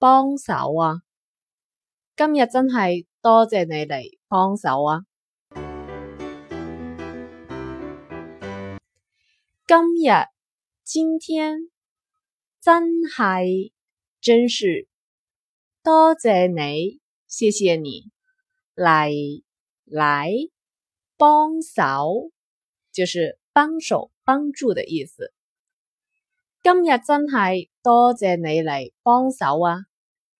幫手啊！今日真係多謝你嚟幫手啊！今日今天真係真是多謝你，謝謝你嚟嚟幫手，就是幫手，幫助的意思。今日真係多謝你嚟幫手啊！